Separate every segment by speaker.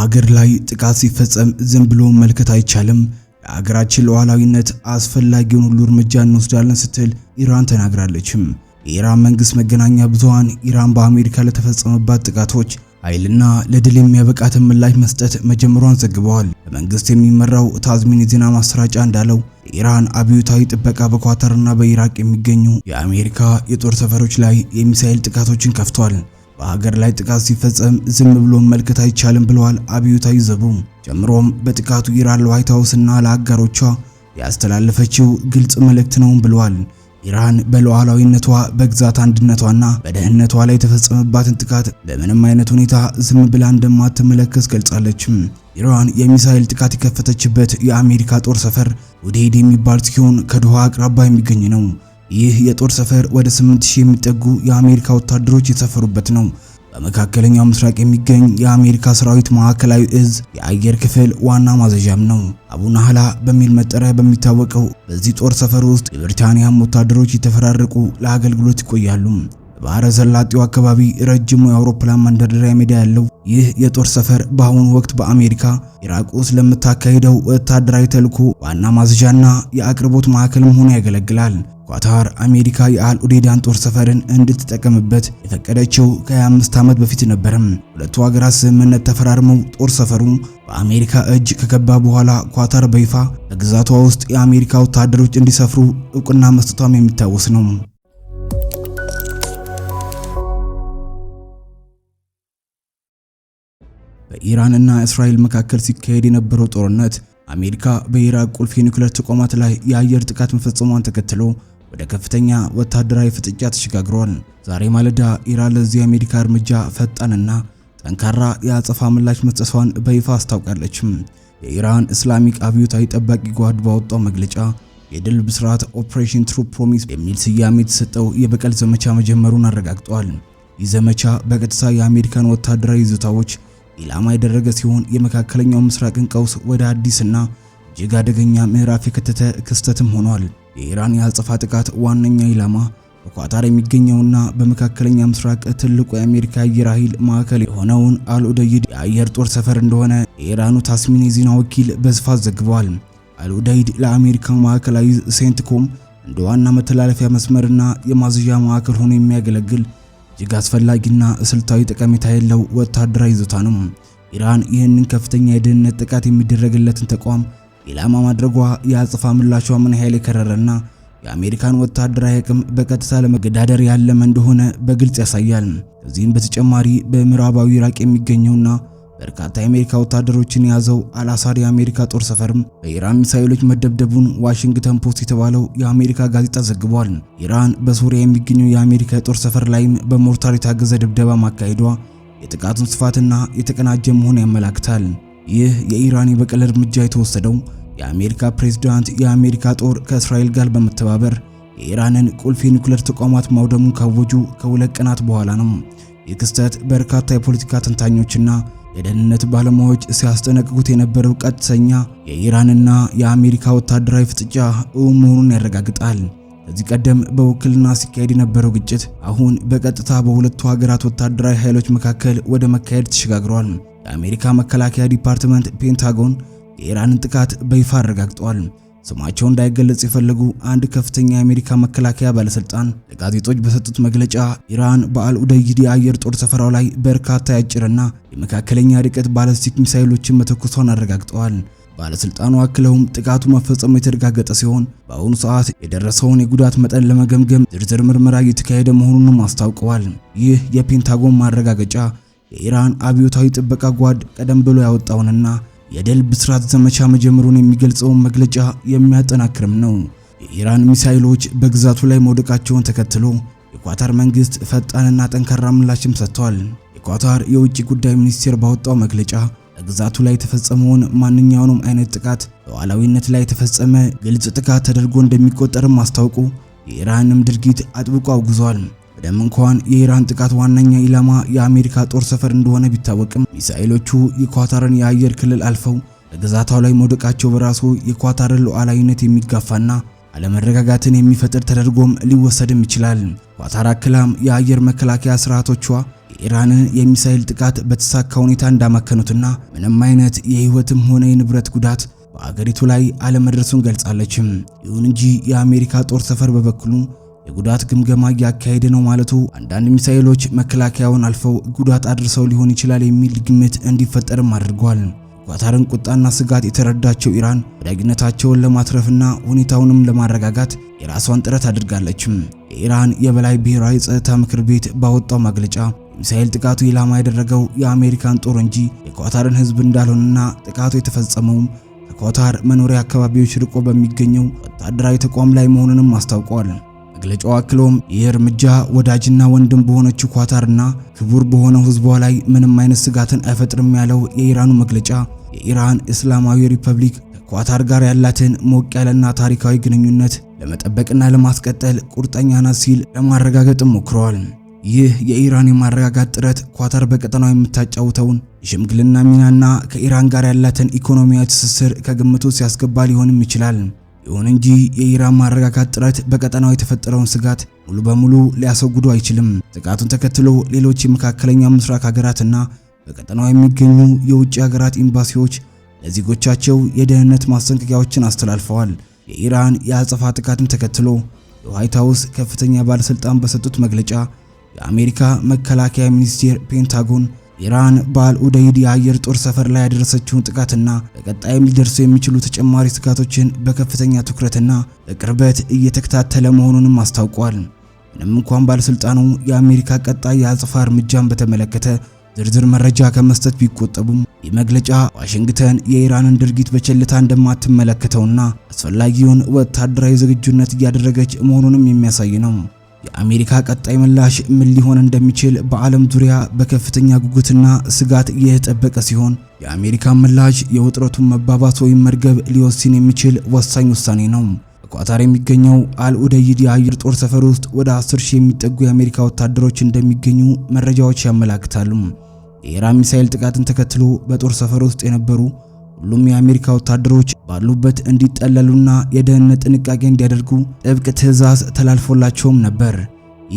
Speaker 1: በሀገር ላይ ጥቃት ሲፈጸም ዝም ብሎ መልከት አይቻልም። ለሀገራችን ሉዓላዊነት አስፈላጊውን ሁሉ እርምጃ እንወስዳለን ስትል ኢራን ተናግራለችም። የኢራን መንግስት መገናኛ ብዙሃን ኢራን በአሜሪካ ለተፈጸመባት ጥቃቶች ኃይልና ለድል የሚያበቃትን ምላሽ መስጠት መጀመሯን ዘግበዋል። በመንግስት የሚመራው ታዝሚን የዜና ማሰራጫ እንዳለው የኢራን አብዮታዊ ጥበቃ በኳተርና በኢራቅ የሚገኙ የአሜሪካ የጦር ሰፈሮች ላይ የሚሳኤል ጥቃቶችን ከፍቷል። በሀገር ላይ ጥቃት ሲፈጸም ዝም ብሎ መልከት አይቻልም ብለዋል አብዮታዊ ዘቡ። ጨምሮም በጥቃቱ ኢራን ለዋይት እና ለአጋሮቿ ያስተላለፈችው ግልጽ መልእክት ነው ብለዋል። ኢራን በሉዓላዊነቷ በግዛት አንድነቷና በደህንነቷ ላይ የተፈጸመባትን ጥቃት በምንም አይነት ሁኔታ ዝም ብላ እንደማትመለከት ገልጻለችም። ኢራን የሚሳኤል ጥቃት የከፈተችበት የአሜሪካ ጦር ሰፈር ውድሄድ የሚባል ሲሆን ከድሃ አቅራቢያ የሚገኝ ነው። ይህ የጦር ሰፈር ወደ 8000 የሚጠጉ የአሜሪካ ወታደሮች የሰፈሩበት ነው። በመካከለኛው ምስራቅ የሚገኝ የአሜሪካ ሰራዊት ማዕከላዊ እዝ የአየር ክፍል ዋና ማዘዣም ነው። አቡ ናህላ በሚል መጠሪያ በሚታወቀው በዚህ ጦር ሰፈር ውስጥ የብሪታንያም ወታደሮች የተፈራረቁ ለአገልግሎት ይቆያሉ። በባህረ ሰላጤው አካባቢ ረጅሙ የአውሮፕላን መንደርደሪያ ሜዳ ያለው ይህ የጦር ሰፈር በአሁኑ ወቅት በአሜሪካ ኢራቅ ውስጥ ለምታካሂደው ወታደራዊ ተልዕኮ ዋና ማዘዣና የአቅርቦት ማዕከልም ሆኖ ያገለግላል። ኳታር አሜሪካ የአል ኡዴዳን ጦር ሰፈርን እንድትጠቀምበት የፈቀደችው ከ25 ዓመት በፊት ነበርም። ሁለቱ ሀገራት ስምምነት ተፈራርመው ጦር ሰፈሩ በአሜሪካ እጅ ከገባ በኋላ ኳታር በይፋ በግዛቷ ውስጥ የአሜሪካ ወታደሮች እንዲሰፍሩ እውቅና መስጠቷም የሚታወስ ነው። በኢራን እና እስራኤል መካከል ሲካሄድ የነበረው ጦርነት አሜሪካ በኢራቅ ቁልፍ የኒውክሌር ተቋማት ላይ የአየር ጥቃት መፈጸሟን ተከትሎ ወደ ከፍተኛ ወታደራዊ ፍጥጫ ተሸጋግሯል። ዛሬ ማለዳ ኢራን ለዚህ የአሜሪካ እርምጃ ፈጣንና ጠንካራ የአጸፋ ምላሽ መስጠቷን በይፋ አስታውቃለችም። የኢራን እስላሚክ አብዮታዊ ጠባቂ ጓድ ባወጣው መግለጫ የድል ብስራት ኦፕሬሽን ትሩ ፕሮሚስ የሚል ስያሜ የተሰጠው የበቀል ዘመቻ መጀመሩን አረጋግጧል። ይህ ዘመቻ በቀጥታ የአሜሪካን ወታደራዊ ይዞታዎች ኢላማ ያደረገ ሲሆን የመካከለኛው ምስራቅን ቀውስ ወደ አዲስና እጅግ አደገኛ ምዕራፍ የከተተ ክስተትም ሆኗል። የኢራን የአጸፋ ጥቃት ዋነኛ ኢላማ በኳታር የሚገኘውና በመካከለኛ ምስራቅ ትልቁ የአሜሪካ አየር ኃይል ማዕከል የሆነውን አልኡደይድ የአየር ጦር ሰፈር እንደሆነ የኢራኑ ታስሚን የዜና ወኪል በስፋት ዘግቧል። አልኡደይድ ለአሜሪካ ማዕከላዊ ሴንትኮም እንደ ዋና መተላለፊያ መስመርና የማዘዣ ማዕከል ሆኖ የሚያገለግል እጅግ አስፈላጊና ስልታዊ ጠቀሜታ ያለው ወታደራዊ ይዞታ ነው። ኢራን ይህንን ከፍተኛ የደህንነት ጥቃት የሚደረግለትን ተቋም ኢላማ ማድረጓ የአጽፋ ምላሿ ምን ያህል የከረረና የአሜሪካን ወታደራዊ አቅም በቀጥታ ለመገዳደር ያለመ እንደሆነ በግልጽ ያሳያል። ከዚህም በተጨማሪ በምዕራባዊ ኢራቅ የሚገኘውና በርካታ የአሜሪካ ወታደሮችን የያዘው አልአሳድ የአሜሪካ ጦር ሰፈርም በኢራን ሚሳኤሎች መደብደቡን ዋሽንግተን ፖስት የተባለው የአሜሪካ ጋዜጣ ዘግቧል። ኢራን በሶሪያ የሚገኘው የአሜሪካ የጦር ሰፈር ላይም በሞርታር የታገዘ ድብደባ ማካሄዷ የጥቃቱን ስፋትና የተቀናጀ መሆን ያመላክታል። ይህ የኢራን የበቀል እርምጃ የተወሰደው የአሜሪካ ፕሬዝዳንት የአሜሪካ ጦር ከእስራኤል ጋር በመተባበር የኢራንን ቁልፍ የኒኩሌር ተቋማት ማውደሙን ካወጁ ከሁለት ቀናት በኋላ ነው። ይህ ክስተት በርካታ የፖለቲካ ተንታኞችና የደህንነት ባለሙያዎች ሲያስጠነቅቁት የነበረው ቀጥተኛ የኢራንና የአሜሪካ ወታደራዊ ፍጥጫ እውን መሆኑን ያረጋግጣል። ከዚህ ቀደም በውክልና ሲካሄድ የነበረው ግጭት አሁን በቀጥታ በሁለቱ ሀገራት ወታደራዊ ኃይሎች መካከል ወደ መካሄድ ተሸጋግሯል። የአሜሪካ መከላከያ ዲፓርትመንት ፔንታጎን የኢራንን ጥቃት በይፋ አረጋግጠዋል። ስማቸው እንዳይገለጽ የፈለጉ አንድ ከፍተኛ የአሜሪካ መከላከያ ባለስልጣን ለጋዜጦች በሰጡት መግለጫ ኢራን በአል ኡደይድ የአየር ጦር ሰፈራው ላይ በርካታ የአጭርና የመካከለኛ ርቀት ባለስቲክ ሚሳይሎችን መተኮሷን አረጋግጠዋል። ባለስልጣኑ አክለውም ጥቃቱ መፈጸሙ የተረጋገጠ ሲሆን በአሁኑ ሰዓት የደረሰውን የጉዳት መጠን ለመገምገም ዝርዝር ምርመራ እየተካሄደ መሆኑንም አስታውቀዋል። ይህ የፔንታጎን ማረጋገጫ የኢራን አብዮታዊ ጥበቃ ጓድ ቀደም ብሎ ያወጣውንና የድል ብስራት ዘመቻ መጀመሩን የሚገልጸውን መግለጫ የሚያጠናክርም ነው። የኢራን ሚሳይሎች በግዛቱ ላይ መውደቃቸውን ተከትሎ የኳታር መንግስት ፈጣንና ጠንካራ ምላሽም ሰጥቷል። የኳታር የውጭ ጉዳይ ሚኒስቴር ባወጣው መግለጫ በግዛቱ ላይ የተፈጸመውን ማንኛውንም አይነት ጥቃት በሉዓላዊነት ላይ የተፈጸመ ግልጽ ጥቃት ተደርጎ እንደሚቆጠርም አስታውቁ የኢራንም ድርጊት አጥብቆ አውግዟል። ቀደም እንኳን የኢራን ጥቃት ዋነኛ ኢላማ የአሜሪካ ጦር ሰፈር እንደሆነ ቢታወቅም ሚሳኤሎቹ የኳታርን የአየር ክልል አልፈው በግዛቷ ላይ መውደቃቸው በራሱ የኳታርን ሉዓላዊነት የሚጋፋና አለመረጋጋትን የሚፈጥር ተደርጎም ሊወሰድም ይችላል። ኳታር አክላም የአየር መከላከያ ስርዓቶቿ የኢራንን የሚሳኤል ጥቃት በተሳካ ሁኔታ እንዳመከኑትና ምንም አይነት የህይወትም ሆነ የንብረት ጉዳት በአገሪቱ ላይ አለመድረሱን ገልጻለችም። ይሁን እንጂ የአሜሪካ ጦር ሰፈር በበኩሉ የጉዳት ግምገማ እያካሄደ ነው ማለቱ አንዳንድ ሚሳኤሎች መከላከያውን አልፈው ጉዳት አድርሰው ሊሆን ይችላል የሚል ግምት እንዲፈጠርም አድርጓል። ኳታርን ቁጣና ስጋት የተረዳቸው ኢራን ወዳጅነታቸውን ለማትረፍና ሁኔታውንም ለማረጋጋት የራሷን ጥረት አድርጋለችም። የኢራን የበላይ ብሔራዊ ጸጥታ ምክር ቤት ባወጣው መግለጫ ሚሳኤል ጥቃቱ ኢላማ ያደረገው የአሜሪካን ጦር እንጂ የኳታርን ሕዝብ እንዳልሆነና ጥቃቱ የተፈጸመውም ከኳታር መኖሪያ አካባቢዎች ርቆ በሚገኘው ወታደራዊ ተቋም ላይ መሆኑንም አስታውቀዋል። መግለጫው አክሎም ይህ እርምጃ ወዳጅና ወንድም በሆነችው ኳታርና ክቡር በሆነው ህዝቧ ላይ ምንም አይነት ስጋትን አይፈጥርም ያለው የኢራኑ መግለጫ የኢራን እስላማዊ ሪፐብሊክ ከኳታር ጋር ያላትን ሞቅ ያለና ታሪካዊ ግንኙነት ለመጠበቅና ለማስቀጠል ቁርጠኛ ናት ሲል ለማረጋገጥ ሞክረዋል። ይህ የኢራን የማረጋጋት ጥረት ኳታር በቀጠናው የምታጫውተውን የሽምግልና ሚናና ከኢራን ጋር ያላትን ኢኮኖሚያዊ ትስስር ከግምቱ ሲያስገባ ሊሆንም ይችላል። ይሁን እንጂ የኢራን ማረጋጋት ጥረት በቀጠናው የተፈጠረውን ስጋት ሙሉ በሙሉ ሊያስወግዱ አይችልም። ጥቃቱን ተከትሎ ሌሎች የመካከለኛ ምስራቅ ሀገራትና በቀጠናው የሚገኙ የውጭ ሀገራት ኤምባሲዎች ለዜጎቻቸው የደህንነት ማስጠንቀቂያዎችን አስተላልፈዋል። የኢራን የአጸፋ ጥቃትን ተከትሎ የዋይት ሀውስ ከፍተኛ ባለሥልጣን በሰጡት መግለጫ የአሜሪካ መከላከያ ሚኒስቴር ፔንታጎን ኢራን በአል የአየር ጦር ሰፈር ላይ ያደረሰችውን ጥቃትና በቀጣይም ሊደርሱ የሚችሉ ተጨማሪ ስጋቶችን በከፍተኛ ትኩረትና በቅርበት እየተከታተለ መሆኑንም አስታውቋል። ምንም እንኳን ባለስልጣኑ የአሜሪካ ቀጣይ የአጸፋ እርምጃን በተመለከተ ዝርዝር መረጃ ከመስጠት ቢቆጠቡም ይህ መግለጫ ዋሽንግተን የኢራንን ድርጊት በቸልታ እንደማትመለከተውና አስፈላጊውን ወታደራዊ ዝግጁነት እያደረገች መሆኑንም የሚያሳይ ነው። የአሜሪካ ቀጣይ ምላሽ ምን ሊሆን እንደሚችል በዓለም ዙሪያ በከፍተኛ ጉጉትና ስጋት እየተጠበቀ ሲሆን የአሜሪካ ምላሽ የውጥረቱን መባባስ ወይም መርገብ ሊወስን የሚችል ወሳኝ ውሳኔ ነው። በቋታር የሚገኘው አልኡደይድ የአየር ጦር ሰፈር ውስጥ ወደ 10 ሺህ የሚጠጉ የአሜሪካ ወታደሮች እንደሚገኙ መረጃዎች ያመላክታሉ። የኢራን ሚሳኤል ጥቃትን ተከትሎ በጦር ሰፈር ውስጥ የነበሩ ሁሉም የአሜሪካ ወታደሮች ባሉበት እንዲጠለሉና የደህንነት ጥንቃቄ እንዲያደርጉ ጥብቅ ትዕዛዝ ተላልፎላቸውም ነበር።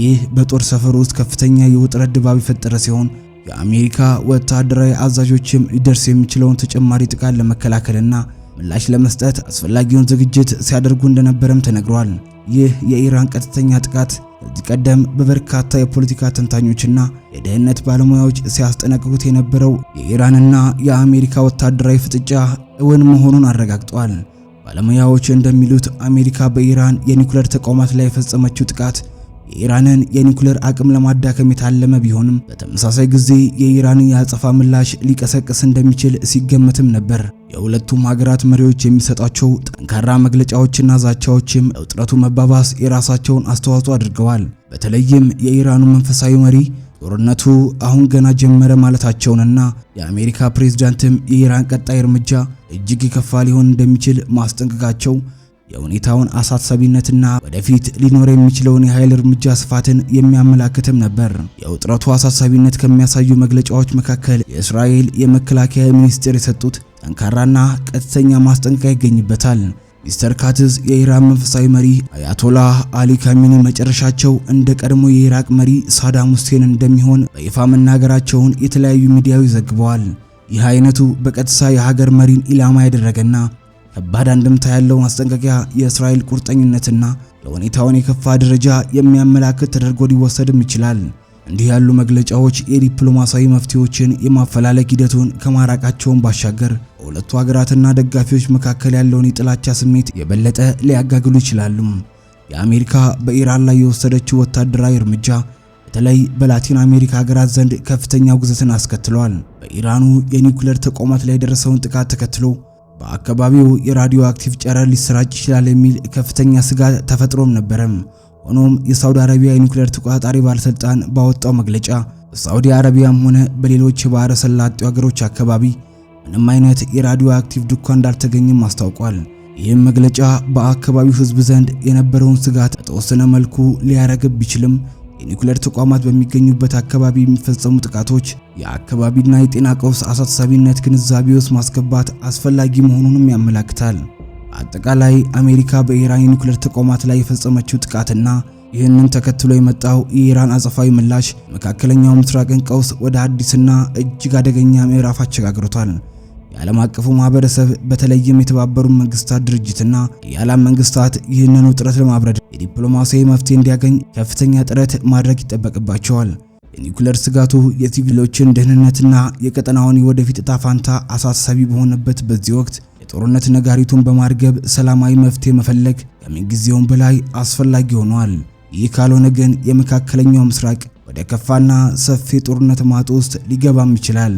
Speaker 1: ይህ በጦር ሰፈር ውስጥ ከፍተኛ የውጥረት ድባብ የፈጠረ ሲሆን የአሜሪካ ወታደራዊ አዛዦችም ሊደርስ የሚችለውን ተጨማሪ ጥቃት ለመከላከልና ምላሽ ለመስጠት አስፈላጊውን ዝግጅት ሲያደርጉ እንደነበረም ተነግሯል። ይህ የኢራን ቀጥተኛ ጥቃት ከዚህ ቀደም በበርካታ የፖለቲካ ተንታኞችና የደህንነት ባለሙያዎች ሲያስጠነቅቁት የነበረው የኢራንና የአሜሪካ ወታደራዊ ፍጥጫ እውን መሆኑን አረጋግጧል። ባለሙያዎች እንደሚሉት አሜሪካ በኢራን የኒኩሌር ተቋማት ላይ የፈጸመችው ጥቃት የኢራንን የኒኩሌር አቅም ለማዳከም የታለመ ቢሆንም በተመሳሳይ ጊዜ የኢራንን የአጸፋ ምላሽ ሊቀሰቅስ እንደሚችል ሲገመትም ነበር። የሁለቱም ሀገራት መሪዎች የሚሰጧቸው ጠንካራ መግለጫዎችና ዛቻዎችም ለውጥረቱ መባባስ የራሳቸውን አስተዋጽኦ አድርገዋል። በተለይም የኢራኑ መንፈሳዊ መሪ ጦርነቱ አሁን ገና ጀመረ ማለታቸውንና የአሜሪካ ፕሬዝዳንትም የኢራን ቀጣይ እርምጃ እጅግ የከፋ ሊሆን እንደሚችል ማስጠንቀቃቸው የሁኔታውን አሳሳቢነትና ወደፊት ሊኖር የሚችለውን የኃይል እርምጃ ስፋትን የሚያመላክትም ነበር። የውጥረቱ አሳሳቢነት ከሚያሳዩ መግለጫዎች መካከል የእስራኤል የመከላከያ ሚኒስቴር የሰጡት ጠንካራና ቀጥተኛ ማስጠንቀቂያ ይገኝበታል። ሚስተር ካትዝ የኢራን መንፈሳዊ መሪ አያቶላህ አሊ ካሚኒ መጨረሻቸው እንደ ቀድሞ የኢራቅ መሪ ሳዳም ሁሴን እንደሚሆን በይፋ መናገራቸውን የተለያዩ ሚዲያዎች ዘግበዋል። ይህ አይነቱ በቀጥታ የሀገር መሪን ኢላማ ያደረገና ከባድ አንድምታ ያለው ማስጠንቀቂያ የእስራኤል ቁርጠኝነትና ለሁኔታውን የከፋ ደረጃ የሚያመላክት ተደርጎ ሊወሰድም ይችላል። እንዲህ ያሉ መግለጫዎች የዲፕሎማሲያዊ መፍትሄዎችን የማፈላለግ ሂደቱን ከማራቃቸውን ባሻገር በሁለቱ ሀገራትና ደጋፊዎች መካከል ያለውን የጥላቻ ስሜት የበለጠ ሊያጋግሉ ይችላሉ። የአሜሪካ በኢራን ላይ የወሰደችው ወታደራዊ እርምጃ በተለይ በላቲን አሜሪካ ሀገራት ዘንድ ከፍተኛ ውግዘትን አስከትሏል። በኢራኑ የኒውክሌር ተቋማት ላይ የደረሰውን ጥቃት ተከትሎ በአካባቢው የራዲዮ አክቲቭ ጨረር ሊሰራጭ ይችላል የሚል ከፍተኛ ስጋት ተፈጥሮም ነበረም። ሆኖም የሳውዲ አረቢያ የኒውክሌር ተቆጣጣሪ ባለስልጣን ባወጣው መግለጫ በሳውዲ አረቢያም ሆነ በሌሎች የባህረ ሰላጤው ሀገሮች አካባቢ ምንም አይነት የራዲዮ አክቲቭ ዱካ እንዳልተገኘም አስታውቋል። ይህም መግለጫ በአካባቢው ሕዝብ ዘንድ የነበረውን ስጋት በተወሰነ መልኩ ሊያረግብ ቢችልም የኒውክሌር ተቋማት በሚገኙበት አካባቢ የሚፈጸሙ ጥቃቶች የአካባቢና የጤና ቀውስ አሳሳቢነት ግንዛቤ ውስጥ ማስገባት አስፈላጊ መሆኑንም ያመላክታል። አጠቃላይ አሜሪካ በኢራን የኒውክሌር ተቋማት ላይ የፈጸመችው ጥቃትና ይህንን ተከትሎ የመጣው የኢራን አጸፋዊ ምላሽ መካከለኛው ምስራቅን ቀውስ ወደ አዲስና እጅግ አደገኛ ምዕራፍ አሸጋግሮታል። የዓለም አቀፉ ማህበረሰብ በተለይም የተባበሩት መንግስታት ድርጅትና የዓለም መንግስታት ይህንን ውጥረት ለማብረድ የዲፕሎማሲያዊ መፍትሄ እንዲያገኝ ከፍተኛ ጥረት ማድረግ ይጠበቅባቸዋል። የኒውክሌር ስጋቱ የሲቪሎችን ደህንነትና የቀጠናውን የወደፊት እጣ አሳሳቢ በሆነበት በዚህ ወቅት የጦርነት ነጋሪቱን በማርገብ ሰላማዊ መፍትሄ መፈለግ ከምንጊዜውም በላይ አስፈላጊ ሆኗል። ይህ ካልሆነ ግን የመካከለኛው ምስራቅ ወደ ከፋና ሰፊ ጦርነት ማጥ ውስጥ ሊገባም ይችላል።